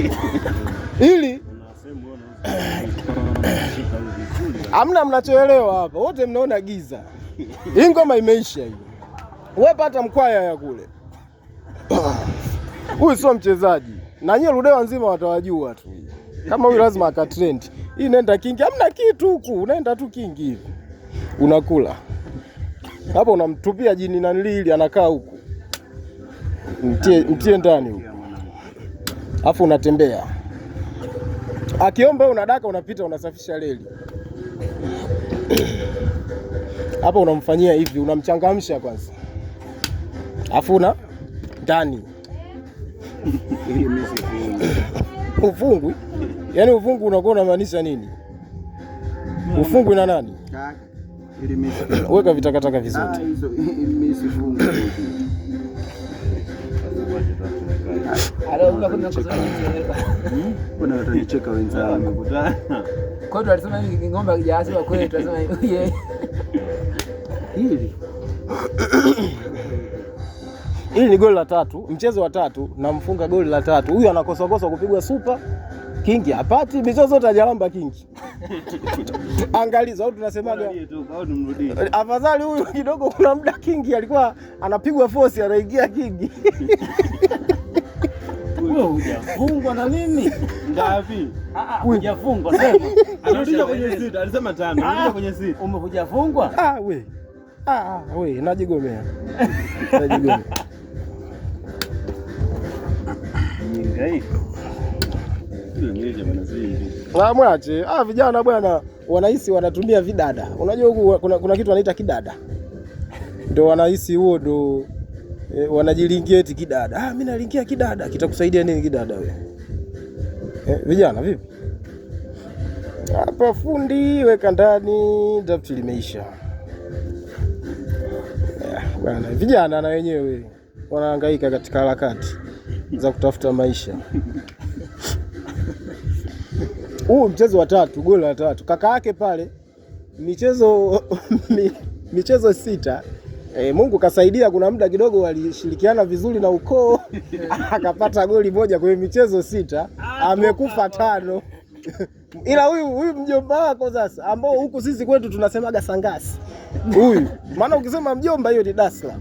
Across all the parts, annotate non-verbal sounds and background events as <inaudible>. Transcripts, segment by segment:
<laughs> ili amna, mnachoelewa hapa wote, mnaona giza. Hii ngoma imeisha hiyo, wepata mkwaya ya kule. <coughs> Huyu sio mchezaji, na nyie Ludewa nzima watawajua tu kama huyu lazima akatrendi. Hii nenda kingi, hamna kitu huku, unaenda tu kingi hivi unakula hapo, unamtupia jini na ili anakaa huku, mtie ndani huku afu unatembea. Akiomba unadaka, unapita, unasafisha reli <clears throat> hapa unamfanyia hivi, unamchangamsha kwanza, afu una ndani <laughs> ufungwi. Yaani ufungwi unakuwa unamaanisha nini? Ufungwi na nani? Weka vitakataka vizuri. Ah, <laughs> Hmm? wenzangu. Kwa hiyo tunasema hivi, ng'ombe kweli, tunasema hili <laughs> hili ni goli la tatu, mchezo wa tatu, namfunga goli la tatu. Huyu anakosakosa kupigwa supa kingi, apati michezo yote ajalamba kingi <laughs> Angalizo au tunasemaga afadhali huyu kidogo. Kuna muda kingi alikuwa anapigwa fosi anaingia kingi <laughs> wewe hujafungwa na mimi ngapi? Ah ah, ah, ah, Hujafungwa sema, anarudisha kwenye sita, alisema tano, anarudisha kwenye sita. Ume hujafungwa? Ah we, ah we, najigomea, najigomea Ah, mwache ah, vijana bwana, wanahisi wanatumia vidada. Unajua huku kuna, kuna kitu wanaita kidada, Ndio wanahisi huo ndio E, eh, wanajilingia eti kidada. Ah, mimi nalingia kidada. Kitakusaidia nini kidada wewe? Eh, vijana vipi? Hapa fundi weka ndani, drafti limeisha. Yeah, vijana na wenyewe wanahangaika katika harakati za kutafuta maisha. <laughs> Huu mchezo wa tatu, goli la tatu. Kaka yake pale michezo <laughs> michezo sita E, Mungu kasaidia, kuna muda kidogo walishirikiana vizuri na ukoo <laughs> akapata goli moja kwenye michezo sita, ah, amekufa tano <laughs> ila huyu huyu mjomba wako sasa, ambao huku sisi kwetu tunasemaga sangasi huyu, maana ukisema mjomba hiyo ni dasla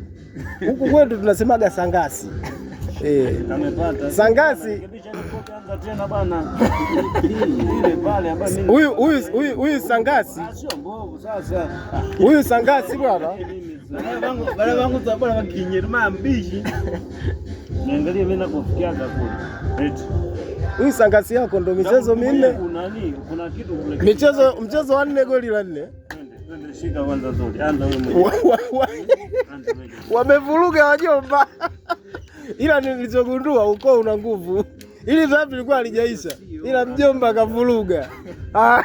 huku kwetu tunasemaga sangasi e. Sangasi <laughs> huyu huyu sangasi ah, huyu sangasi bwana Bana bangu sabana bakinyera mambishi. Niangalie mimi nakufikia hapo. Eti. sangasi yako ndo michezo minne. Kuna Kuna kitu kule. Michezo mchezo wa nne goli la nne. Twende Wamevuruga wajomba. Ila nilichogundua ukoo una nguvu. Ili dhahabu ilikuwa halijaisha. Ila mjomba akavuruga. Ah.